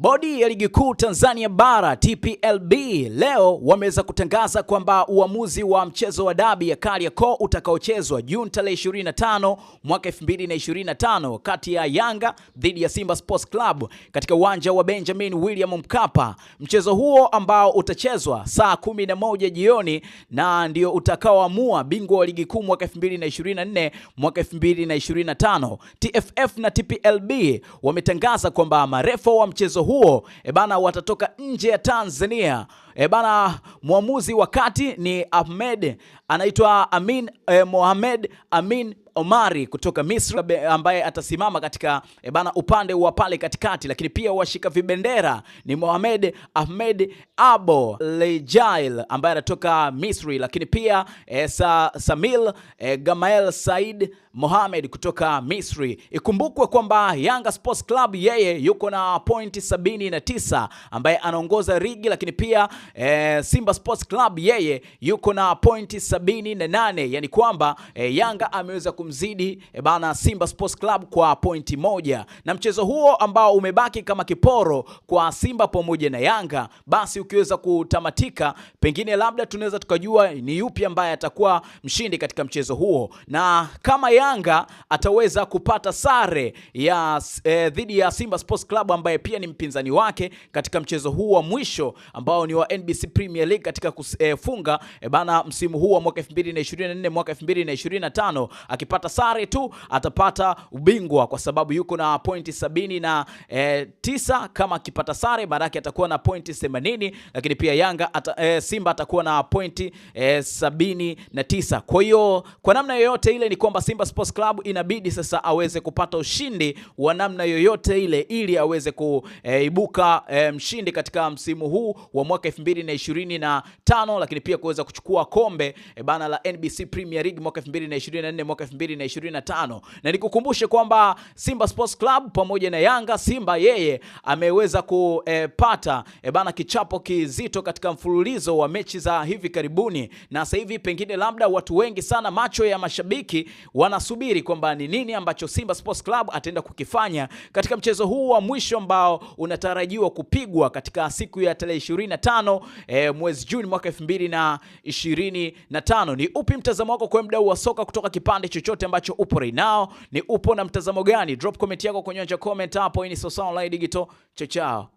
Bodi ya Ligi Kuu Tanzania Bara TPLB leo wameweza kutangaza kwamba uamuzi wa mchezo wa dabi ya Kariakoo utakaochezwa Juni tarehe 25 mwaka 2025 kati ya Yanga dhidi ya Simba Sports Club katika uwanja wa Benjamin William Mkapa. Mchezo huo ambao utachezwa saa 11 jioni na ndio utakaoamua bingwa wa Ligi Kuu mwaka 2024 mwaka 2025. TFF na TPLB wametangaza kwamba marefa wa mchezo huo e bana watatoka nje ya Tanzania e bana Mwamuzi wa kati ni Ahmed, anaitwa Amin eh, Mohamed Amin Omari kutoka Misri ambaye atasimama katika e, bana upande wa pale katikati, lakini pia washika vibendera ni Mohamed Ahmed Abo Lejail ambaye anatoka Misri, lakini pia e, sa, Samil e, Gamael Said Mohamed kutoka Misri. Ikumbukwe kwamba Yanga Sports Club yeye yuko na pointi 79 ambaye anaongoza ligi, lakini pia e, Simba Simba Sports Club yeye yuko na pointi sabini na nane yani kwamba e, Yanga ameweza kumzidi e, bana Simba Sports Club kwa pointi moja, na mchezo huo ambao umebaki kama kiporo kwa Simba pamoja na Yanga, basi ukiweza kutamatika, pengine labda tunaweza tukajua ni yupi ambaye atakuwa mshindi katika mchezo huo, na kama Yanga ataweza kupata sare ya e, dhidi ya Simba Sports Club ambaye pia ni mpinzani wake katika mchezo huo wa mwisho ambao ni wa NBC Premier League League katika kufunga eh, e, eh, bana msimu huu wa mwaka 2024 mwaka 2025 akipata sare tu atapata ubingwa kwa sababu yuko na pointi sabini na e, tisa. Kama akipata sare maanake atakuwa na pointi 80, lakini pia Yanga ata, e, Simba atakuwa na pointi e, sabini na tisa. Kwa hiyo kwa namna yoyote ile ni kwamba Simba Sports Club inabidi sasa aweze kupata ushindi wa namna yoyote ile ili aweze kuibuka e, e, mshindi katika msimu huu wa mwaka 2024 2025, lakini pia kuweza kuchukua kombe e bana la NBC Premier League mwaka 2024 mwaka 2025. Na nikukumbushe kwamba Simba Sports Club pamoja na Yanga, Simba yeye ameweza kupata eh, e eh, bana kichapo kizito katika mfululizo wa mechi za hivi karibuni, na sasa hivi pengine labda watu wengi sana macho ya mashabiki wanasubiri kwamba ni nini ambacho Simba Sports Club ataenda kukifanya katika mchezo huu wa mwisho ambao unatarajiwa kupigwa katika siku ya tarehe 25 e, mwezi mwezi Juni mwaka 2025. Ni upi mtazamo wako kwa mdau wa soka kutoka kipande chochote ambacho upo right now? Ni upo na mtazamo gani? Drop comment yako kwenye comment hapo. Hii ni Sawasawa Online Digital. Chao chao.